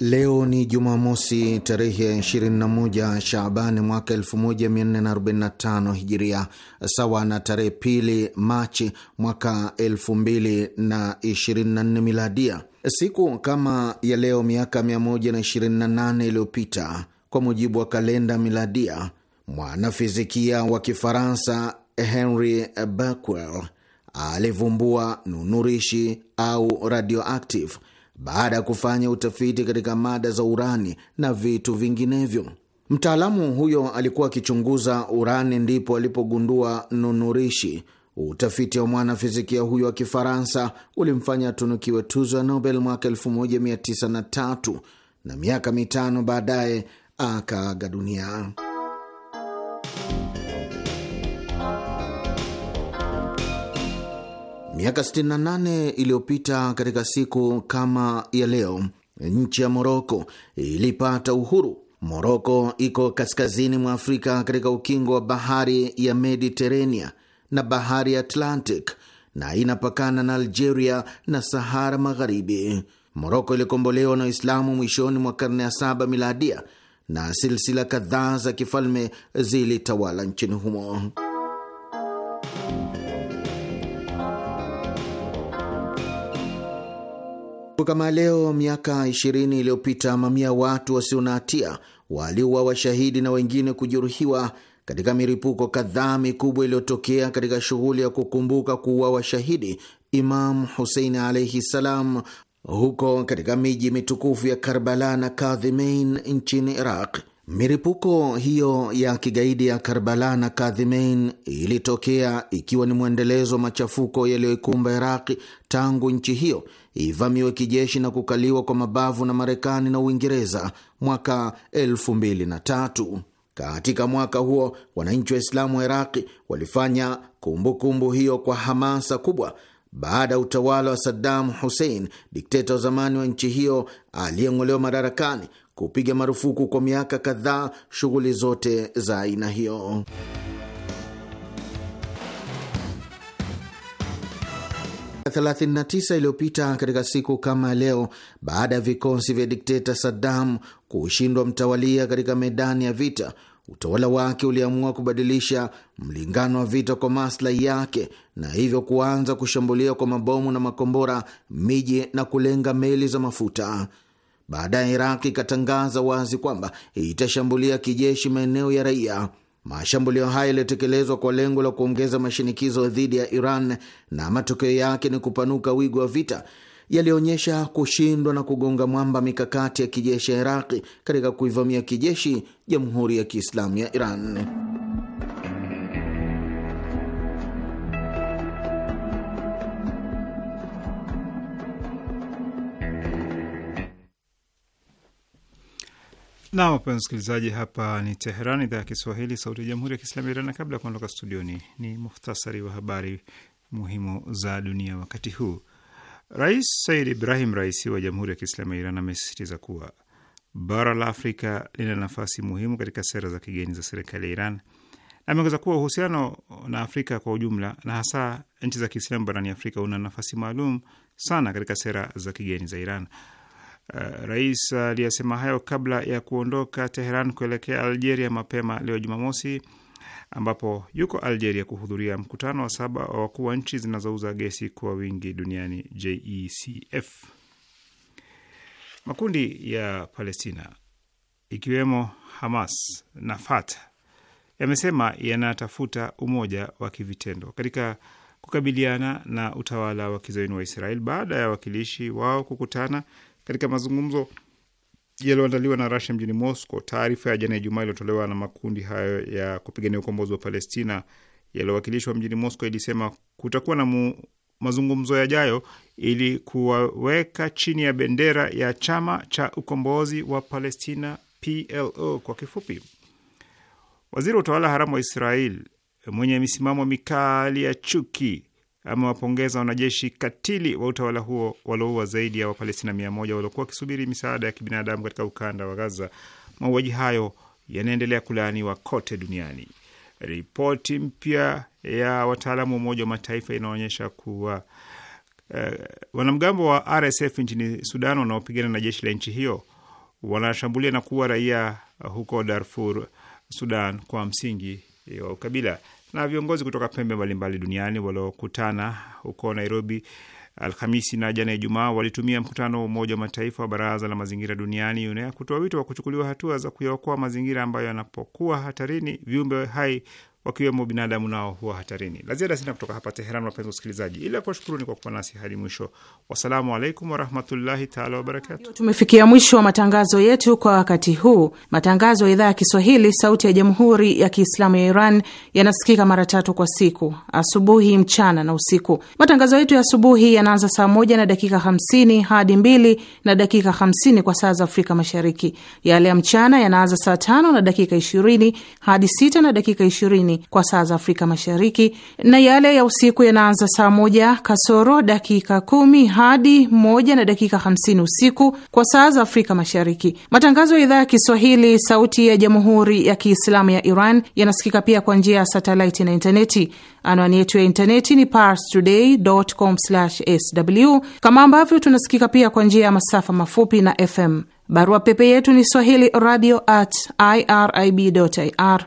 Leo ni Jumamosi tarehe 21 shabani mwaka 1445 Hijiria, sawa na tarehe pili Machi mwaka 2024 Miladia. Siku kama ya leo miaka 128 iliyopita, kwa mujibu wa kalenda miladia, mwanafizikia wa Kifaransa Henry Becquerel alivumbua nunurishi au radioactive baada ya kufanya utafiti katika mada za urani na vitu vinginevyo. Mtaalamu huyo alikuwa akichunguza urani, ndipo alipogundua nunurishi. Utafiti wa mwanafizikia huyo wa Kifaransa ulimfanya atunukiwe tuzo ya Nobel mwaka 1903 na miaka mitano baadaye akaaga dunia. Miaka 68 iliyopita katika siku kama ya leo, nchi ya Moroko ilipata uhuru. Moroko iko kaskazini mwa Afrika katika ukingo wa bahari ya Mediterania na bahari ya Atlantic na inapakana na Algeria na Sahara Magharibi. Moroko ilikombolewa na Waislamu mwishoni mwa karne ya saba miladia na silsila kadhaa za kifalme zilitawala nchini humo. Kama leo miaka 20 iliyopita, mamia watu wasio na hatia washahidi na wengine kujeruhiwa katika miripuko kadhaa mikubwa iliyotokea katika shughuli ya kukumbuka kuuwa washahidi Imam Husein alaihi salam huko katika miji mitukufu ya Karbala na Kadhimain nchini Iraq. Miripuko hiyo ya kigaidi ya Karbala na Kadhimain ilitokea ikiwa ni mwendelezo wa machafuko yaliyoikumba Iraqi tangu nchi hiyo ivamiwe kijeshi na kukaliwa kwa mabavu na Marekani na Uingereza mwaka 2003. Katika mwaka huo wananchi wa islamu wa Iraqi walifanya kumbukumbu kumbu hiyo kwa hamasa kubwa baada ya utawala wa Saddam Hussein, dikteta wa zamani wa nchi hiyo aliyeng'olewa madarakani, kupiga marufuku kwa miaka kadhaa shughuli zote za aina hiyo. 39 iliyopita katika siku kama leo, baada ya vikosi vya dikteta Saddam kushindwa mtawalia katika medani ya vita, utawala wake uliamua kubadilisha mlingano wa vita kwa maslahi yake, na hivyo kuanza kushambulia kwa mabomu na makombora miji na kulenga meli za mafuta. Baadaye Iraq ikatangaza wazi kwamba itashambulia kijeshi maeneo ya raia. Mashambulio haya yaliyotekelezwa kwa lengo la kuongeza mashinikizo dhidi ya Iran na matokeo yake ni kupanuka wigo wa vita, yalionyesha kushindwa na kugonga mwamba mikakati ya kijeshi ya Iraqi katika kuivamia kijeshi Jamhuri ya Kiislamu ya Iran. Na wapenzi msikilizaji, hapa ni Teheran, idhaa ya Kiswahili, sauti ya jamhuri ya kiislamu ya Iran. Na kabla ya kuondoka studioni, ni muhtasari wa habari muhimu za dunia wakati huu. Rais Said Ibrahim Raisi wa Jamhuri ya Kiislamu ya Iran amesisitiza kuwa bara la Afrika lina nafasi muhimu katika sera za kigeni za serikali ya Iran ameongeza kuwa uhusiano na Afrika kwa ujumla na hasa nchi za Kiislamu barani Afrika una nafasi maalum sana katika sera za kigeni za Iran. Eh, rais aliyasema hayo kabla ya kuondoka Teheran kuelekea Algeria mapema leo Jumamosi, ambapo yuko Algeria kuhudhuria mkutano wa saba wa wakuu wa nchi zinazouza gesi kwa wingi duniani JECF. Makundi ya Palestina ikiwemo Hamas na Fatah yamesema yanatafuta umoja wa kivitendo katika kukabiliana na utawala wa kizayuni wa Israel baada ya wakilishi wao kukutana katika mazungumzo yaliyoandaliwa na Russia mjini Moscow. Taarifa ya jana Ijumaa iliyotolewa na makundi hayo ya kupigania ukombozi wa Palestina yaliyowakilishwa mjini Moscow ilisema kutakuwa na mu mazungumzo yajayo ili kuwaweka chini ya bendera ya chama cha ukombozi wa Palestina PLO kwa kifupi. Waziri wa utawala haramu wa Israel mwenye misimamo mikali ya chuki amewapongeza wanajeshi katili wa utawala huo walioua zaidi ya Wapalestina mia moja waliokuwa wakisubiri misaada ya kibinadamu katika ukanda wa Gaza. Mauaji hayo yanaendelea kulaaniwa kote duniani. Ripoti mpya ya wataalamu wa Umoja wa Mataifa inaonyesha kuwa uh, wanamgambo wa RSF nchini Sudan wanaopigana na jeshi la nchi hiyo wanashambulia na kuua raia huko Darfur, Sudan, kwa msingi wa ukabila na viongozi kutoka pembe mbalimbali duniani waliokutana huko Nairobi Alhamisi na jana Ijumaa walitumia mkutano wa Umoja wa Mataifa wa Baraza la Mazingira Duniani, UNEA, kutoa wito wa kuchukuliwa hatua za kuyaokoa mazingira ambayo yanapokuwa hatarini viumbe hai wakiwemo binadamu nao huwa hatarini. La ziada sina kutoka hapa Teheran, wapenzi wasikilizaji, ila kuwashukuruni kwa kuwa nasi hadi mwisho. Wassalamu alaikum warahmatullahi taala wabarakatuh. Tumefikia mwisho wa matangazo yetu kwa wakati huu. Matangazo ya idhaa ya Kiswahili sauti ya jamhuri ya Kiislamu ya Iran yanasikika mara tatu kwa siku: asubuhi, mchana na usiku. Matangazo yetu ya asubuhi yanaanza saa moja na dakika hamsini hadi mbili na dakika hamsini kwa saa za Afrika Mashariki. Yale ya mchana yanaanza saa tano na dakika ishirini hadi sita na dakika ishirini jioni kwa saa za Afrika Mashariki, na yale ya usiku yanaanza saa moja kasoro dakika kumi hadi moja na dakika hamsini usiku kwa saa za Afrika Mashariki. Matangazo ya idhaa ya Kiswahili sauti ya Jamhuri ya Kiislamu ya Iran yanasikika pia kwa njia ya satelaiti na intaneti. Anwani yetu ya intaneti ni parstoday.com/sw, kama ambavyo tunasikika pia kwa njia ya masafa mafupi na FM. Barua pepe yetu ni swahili radio at irib.ir.